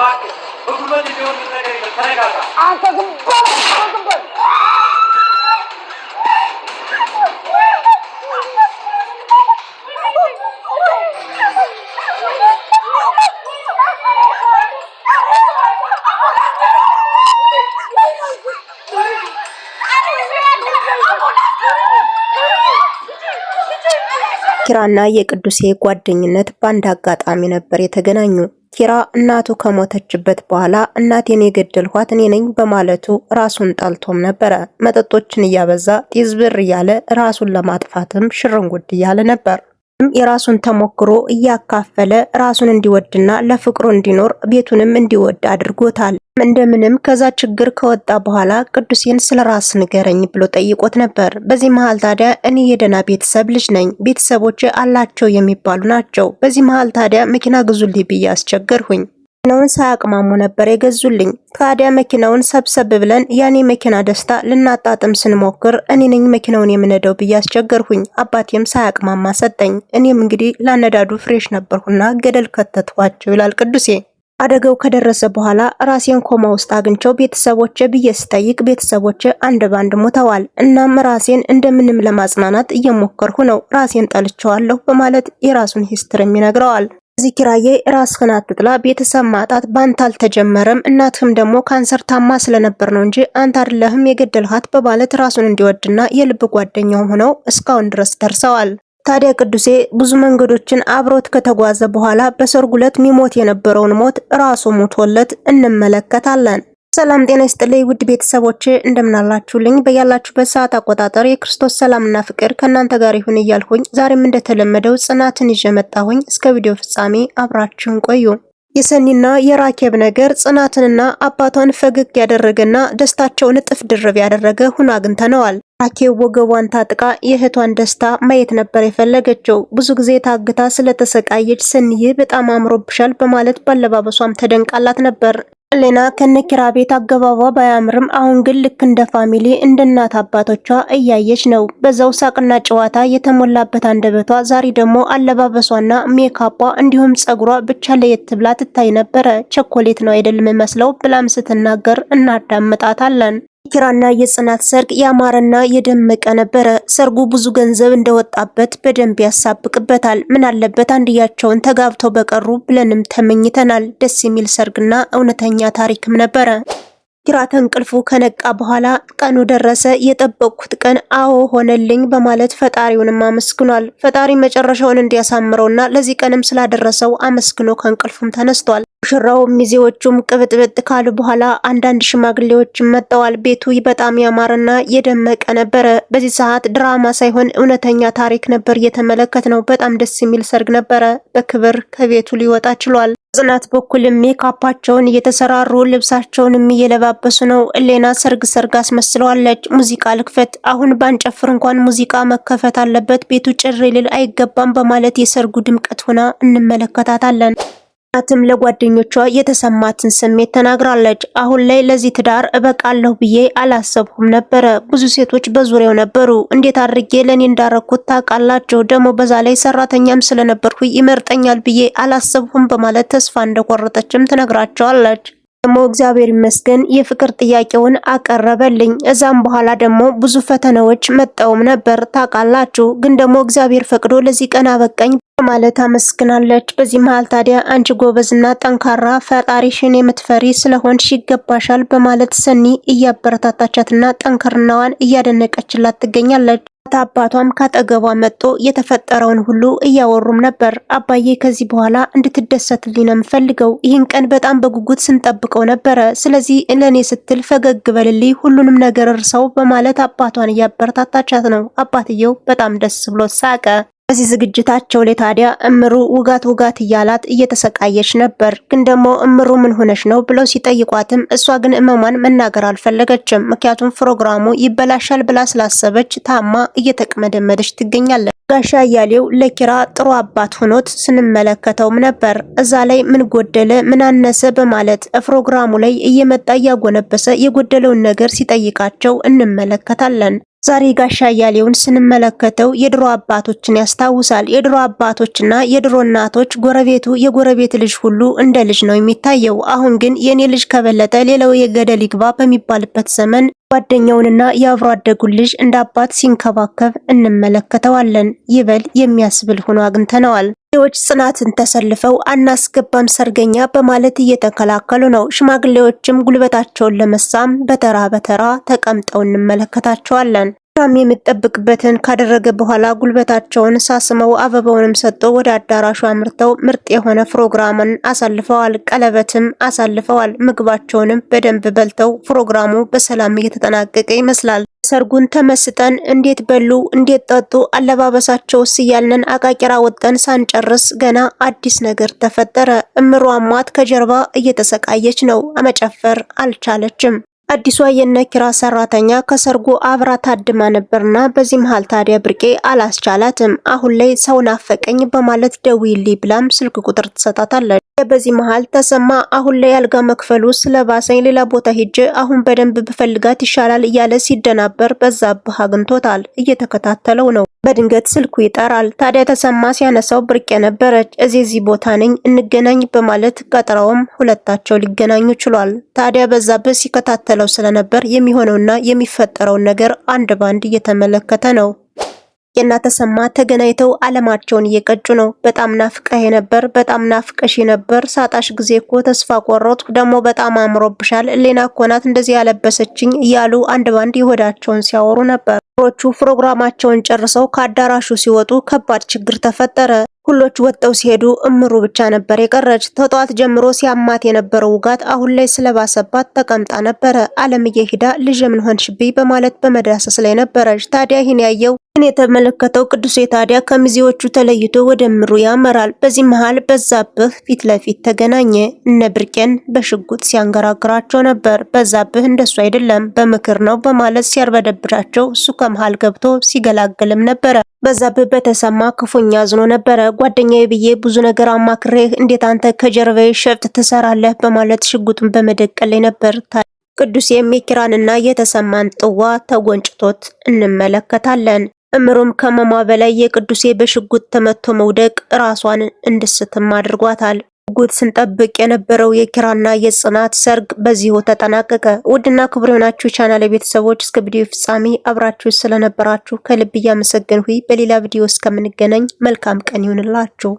ولكن حكومة اليوم من الخريقة أنت የኪራና የቅዱሴ ጓደኝነት በአንድ አጋጣሚ ነበር የተገናኙ። ኪራ እናቱ ከሞተችበት በኋላ እናቴን የገደልኋት እኔ ነኝ በማለቱ ራሱን ጠልቶም ነበረ። መጠጦችን እያበዛ ጢዝብር እያለ ራሱን ለማጥፋትም ሽርንጉድ እያለ ነበር። የራሱን ተሞክሮ እያካፈለ ራሱን እንዲወድና ለፍቅሩ እንዲኖር ቤቱንም እንዲወድ አድርጎታል። እንደምንም ከዛ ችግር ከወጣ በኋላ ቅዱሴን ስለ ራስ ንገረኝ ብሎ ጠይቆት ነበር። በዚህ መሀል ታዲያ እኔ የደህና ቤተሰብ ልጅ ነኝ፣ ቤተሰቦች አላቸው የሚባሉ ናቸው። በዚህ መሀል ታዲያ መኪና ግዙልኝ ብዬ አስቸገርሁኝ። መኪናውን ሳያቅማሙ ነበር የገዙልኝ። ታዲያ መኪናውን ሰብሰብ ብለን ያኔ መኪና ደስታ ልናጣጥም ስንሞክር እኔ ነኝ መኪናውን የምነደው ብዬ አስቸገርሁኝ። አባቴም ሳያቅማማ ሰጠኝ። እኔም እንግዲህ ላነዳዱ ፍሬሽ ነበርሁና ገደል ከተትኋቸው ይላል ቅዱሴ። አደጋው ከደረሰ በኋላ ራሴን ኮማ ውስጥ አግኝቸው ቤተሰቦቼ ብዬ ስጠይቅ ቤተሰቦቼ አንድ ባንድ ሞተዋል። እናም ራሴን እንደምንም ለማጽናናት እየሞከርሁ ነው። ራሴን ጠልቸዋለሁ በማለት የራሱን ሂስትሪም ይነግረዋል። እዚህ ኪራዬ ራስህን አትጥላ፣ ቤተሰብ ማጣት ባንተ አልተጀመረም። እናትህም ደግሞ ካንሰር ታማ ስለነበር ነው እንጂ አንተ አይደለህም የገደልሃት በማለት ራሱን እንዲወድና የልብ ጓደኛው ሆነው እስካሁን ድረስ ደርሰዋል። ታዲያ ቅዱሴ ብዙ መንገዶችን አብሮት ከተጓዘ በኋላ በሰርጉ ዕለት ሚሞት የነበረውን ሞት ራሱ ሙቶለት እንመለከታለን። ሰላም ጤና ይስጥልኝ ውድ ቤተሰቦቼ እንደምናላችሁልኝ በያላችሁበት ሰዓት አቆጣጠር የክርስቶስ ሰላምና ፍቅር ከእናንተ ጋር ይሁን እያልሁኝ ዛሬም እንደተለመደው ጽናትን ይዤ መጣሁኝ። እስከ ቪዲዮ ፍጻሜ አብራችሁን ቆዩ። የሰኒና የራኬብ ነገር ጽናትንና አባቷን ፈገግ ያደረገና ደስታቸውን እጥፍ ድርብ ያደረገ ሁኖ አግኝተነዋል። ራኬብ ወገቧን ታጥቃ የእህቷን ደስታ ማየት ነበር የፈለገችው። ብዙ ጊዜ ታግታ ስለተሰቃየች ሰኒዬ በጣም አምሮብሻል በማለት ባለባበሷም ተደንቃላት ነበር። ሌና ከነኪራ ቤት አገባቧ ባያምርም አሁን ግን ልክ እንደ ፋሚሊ እንደ እናት አባቶቿ እያየች ነው። በዛው ሳቅና ጨዋታ የተሞላበት አንደበቷ ዛሬ ደግሞ አለባበሷና ሜካፓ እንዲሁም ጸጉሯ ብቻ ለየት ብላ ትታይ ነበረ። ቸኮሌት ነው አይደል የምመስለው ብላም ስትናገር እናዳምጣታለን። የኪራና የጽናት ሰርግ ያማረና የደመቀ ነበረ። ሰርጉ ብዙ ገንዘብ እንደወጣበት በደንብ ያሳብቅበታል። ምን አለበት አንድያቸውን ተጋብተው በቀሩ ብለንም ተመኝተናል። ደስ የሚል ሰርግና እውነተኛ ታሪክም ነበረ። ኪራ ከእንቅልፉ ከነቃ በኋላ ቀኑ ደረሰ፣ የጠበቅኩት ቀን አዎ ሆነልኝ በማለት ፈጣሪውንም አመስግኗል። ፈጣሪ መጨረሻውን እንዲያሳምረውና ለዚህ ቀንም ስላደረሰው አመስግኖ ከእንቅልፉም ተነስቷል። ሙሽራውም ሚዜዎቹም ቅብጥብጥ ካሉ በኋላ አንዳንድ ሽማግሌዎችም መጥተዋል። ቤቱ በጣም ያማረና የደመቀ ነበረ። በዚህ ሰዓት ድራማ ሳይሆን እውነተኛ ታሪክ ነበር እየተመለከት ነው። በጣም ደስ የሚል ሰርግ ነበረ። በክብር ከቤቱ ሊወጣ ችሏል። ጽናት በኩልም ሜካፓቸውን እየተሰራሩ ልብሳቸውንም እየለባበሱ ነው። እሌና ሰርግ ሰርግ አስመስለዋለች። ሙዚቃ ልክፈት፣ አሁን ባንጨፍር እንኳን ሙዚቃ መከፈት አለበት፣ ቤቱ ጭር ሊል አይገባም በማለት የሰርጉ ድምቀት ሆና እንመለከታታለን። ናትም ለጓደኞቿ የተሰማትን ስሜት ተናግራለች። አሁን ላይ ለዚህ ትዳር እበቃለሁ ብዬ አላሰብኩም ነበረ። ብዙ ሴቶች በዙሪያው ነበሩ። እንዴት አድርጌ ለእኔ እንዳረኩት ታውቃላቸው። ደግሞ በዛ ላይ ሰራተኛም ስለነበርኩ ይመርጠኛል ብዬ አላሰብኩም በማለት ተስፋ እንደቆረጠችም ትነግራቸዋለች። ደግሞ እግዚአብሔር ይመስገን የፍቅር ጥያቄውን አቀረበልኝ። እዛም በኋላ ደግሞ ብዙ ፈተናዎች መጣውም ነበር ታውቃላችሁ። ግን ደግሞ እግዚአብሔር ፈቅዶ ለዚህ ቀን አበቃኝ በማለት አመስግናለች። በዚህ መሀል ታዲያ አንቺ ጎበዝና ጠንካራ ፈጣሪሽን የምትፈሪ ስለሆንሽ ይገባሻል በማለት ሰኒ እያበረታታቻትና ጠንካርናዋን እያደነቀችላት ትገኛለች። አባቷም ካጠገቧ መጦ የተፈጠረውን ሁሉ እያወሩም ነበር። አባዬ ከዚህ በኋላ እንድትደሰትልኝ ነው የምፈልገው። ይህን ቀን በጣም በጉጉት ስንጠብቀው ነበረ። ስለዚህ ለእኔ ስትል ፈገግ በልልኝ፣ ሁሉንም ነገር እርሰው በማለት አባቷን እያበረታታቻት ነው። አባትየው በጣም ደስ ብሎት ሳቀ። በዚህ ዝግጅታቸው ላይ ታዲያ እምሩ ውጋት ውጋት እያላት እየተሰቃየች ነበር። ግን ደግሞ እምሩ ምን ሆነች ነው ብለው ሲጠይቋትም እሷ ግን እመሟን መናገር አልፈለገችም። ምክንያቱም ፕሮግራሙ ይበላሻል ብላ ስላሰበች ታማ እየተቅመደመደች ትገኛለች። ጋሻ እያሌው ለኪራ ጥሩ አባት ሆኖት ስንመለከተውም ነበር። እዛ ላይ ምን ጎደለ ምን አነሰ በማለት ፕሮግራሙ ላይ እየመጣ እያጎነበሰ የጎደለውን ነገር ሲጠይቃቸው እንመለከታለን። ዛሬ ጋሻ አያሌውን ስንመለከተው የድሮ አባቶችን ያስታውሳል። የድሮ አባቶችና የድሮ እናቶች ጎረቤቱ የጎረቤት ልጅ ሁሉ እንደ ልጅ ነው የሚታየው። አሁን ግን የኔ ልጅ ከበለጠ ሌላው የገደል ይግባ በሚባልበት ዘመን ጓደኛውንና የአብሮ አደጉን ልጅ እንደ አባት ሲንከባከብ እንመለከተዋለን። ይበል የሚያስብል ሆኖ አግኝተነዋል። ሌዎች ጽናትን ተሰልፈው አናስገባም ሰርገኛ በማለት እየተከላከሉ ነው። ሽማግሌዎችም ጉልበታቸውን ለመሳም በተራ በተራ ተቀምጠው እንመለከታቸዋለን። ዳግም የምጠብቅበትን ካደረገ በኋላ ጉልበታቸውን ሳስመው አበባውንም ሰጥቶ ወደ አዳራሹ አምርተው ምርጥ የሆነ ፕሮግራምን አሳልፈዋል። ቀለበትም አሳልፈዋል። ምግባቸውንም በደንብ በልተው ፕሮግራሙ በሰላም እየተጠናቀቀ ይመስላል። ሰርጉን ተመስጠን እንዴት በሉ እንዴት ጠጡ አለባበሳቸውስ እያልነን አቃቂራ ወጠን ሳንጨርስ ገና አዲስ ነገር ተፈጠረ። እምሯ አሟት ከጀርባ እየተሰቃየች ነው። መጨፈር አልቻለችም። አዲሷ የነኪራ ሰራተኛ ከሰርጉ አብራ ታድማ ነበርና በዚህ መሃል ታዲያ ብርቄ አላስቻላትም። አሁን ላይ ሰው ናፈቀኝ በማለት ደውዪልኝ ብላም ስልክ ቁጥር ትሰጣታለች። በዚህ መሃል ተሰማ አሁን ላይ አልጋ መክፈሉ ስለባሰኝ ሌላ ቦታ ሄጄ አሁን በደንብ ብፈልጋት ይሻላል እያለ ሲደናበር በዛብህ አግኝቶታል። እየተከታተለው ነው። በድንገት ስልኩ ይጠራል። ታዲያ ተሰማ ሲያነሳው ብርቄ ነበረች። እዚህ እዚህ ቦታ ነኝ እንገናኝ በማለት ቀጠራውም ሁለታቸው ሊገናኙ ችሏል። ታዲያ በዛብህ ሲከታተለው ስለነበር የሚሆነውና የሚፈጠረውን ነገር አንድ ባንድ እየተመለከተ ነው። እና ተሰማ ተገናኝተው አለማቸውን እየቀጩ ነው። በጣም ናፍቀህ ነበር፣ በጣም ናፍቀሽ ነበር። ሳጣሽ ጊዜ እኮ ተስፋ ቆረጥኩ። ደግሞ በጣም አምሮብሻል። ሌና እኮ ናት እንደዚህ ያለበሰችኝ እያሉ አንድ ባንድ የሆዳቸውን ሲያወሩ ነበር። ሮቹ ፕሮግራማቸውን ጨርሰው ከአዳራሹ ሲወጡ ከባድ ችግር ተፈጠረ። ሁሎች ወጥተው ሲሄዱ እምሩ ብቻ ነበር የቀረች። ተጧት ጀምሮ ሲያማት የነበረው ውጋት አሁን ላይ ስለባሰባት ተቀምጣ ነበረ። አለምዬ ሂዳ ልጅ ምን ሆንሽብኝ በማለት በመዳሰስ ላይ ነበረች። ታዲያ ይህን ያየው ይህን የተመለከተው ቅዱሴ ታዲያ ከሚዜዎቹ ተለይቶ ወደ ምሩ ያመራል። በዚህ መሃል በዛብህ ፊት ለፊት ተገናኘ። እነ ብርቄን በሽጉጥ ሲያንገራግራቸው ነበር። በዛብህ እንደሱ አይደለም በምክር ነው በማለት ሲያርበደብዳቸው እሱ ከመሃል ገብቶ ሲገላግልም ነበረ። በዛብህ በተሰማ ክፉኛ አዝኖ ነበረ። ጓደኛዬ ብዬ ብዙ ነገር አማክሬህ እንዴት አንተ ከጀርባዬ ሸፍጥ ትሰራለህ? በማለት ሽጉጡን በመደቀል ላይ ነበር። ቅዱሴም የኪራንና የተሰማን ጥዋ ተጎንጭቶት እንመለከታለን። እምሩም ከመሟ በላይ የቅዱሴ በሽጉጥ ተመቶ መውደቅ ራሷን እንድስትም አድርጓታል። ጉጉት ስንጠብቅ የነበረው የኪራና የጽናት ሰርግ በዚሁ ተጠናቀቀ። ውድና ክቡር የሆናችሁ ቻናል ቤተሰቦች እስከ ቪዲዮ ፍጻሜ አብራችሁ ስለነበራችሁ ከልብ እያመሰገንሁ በሌላ ቪዲዮ እስከምንገናኝ መልካም ቀን ይሁንላችሁ።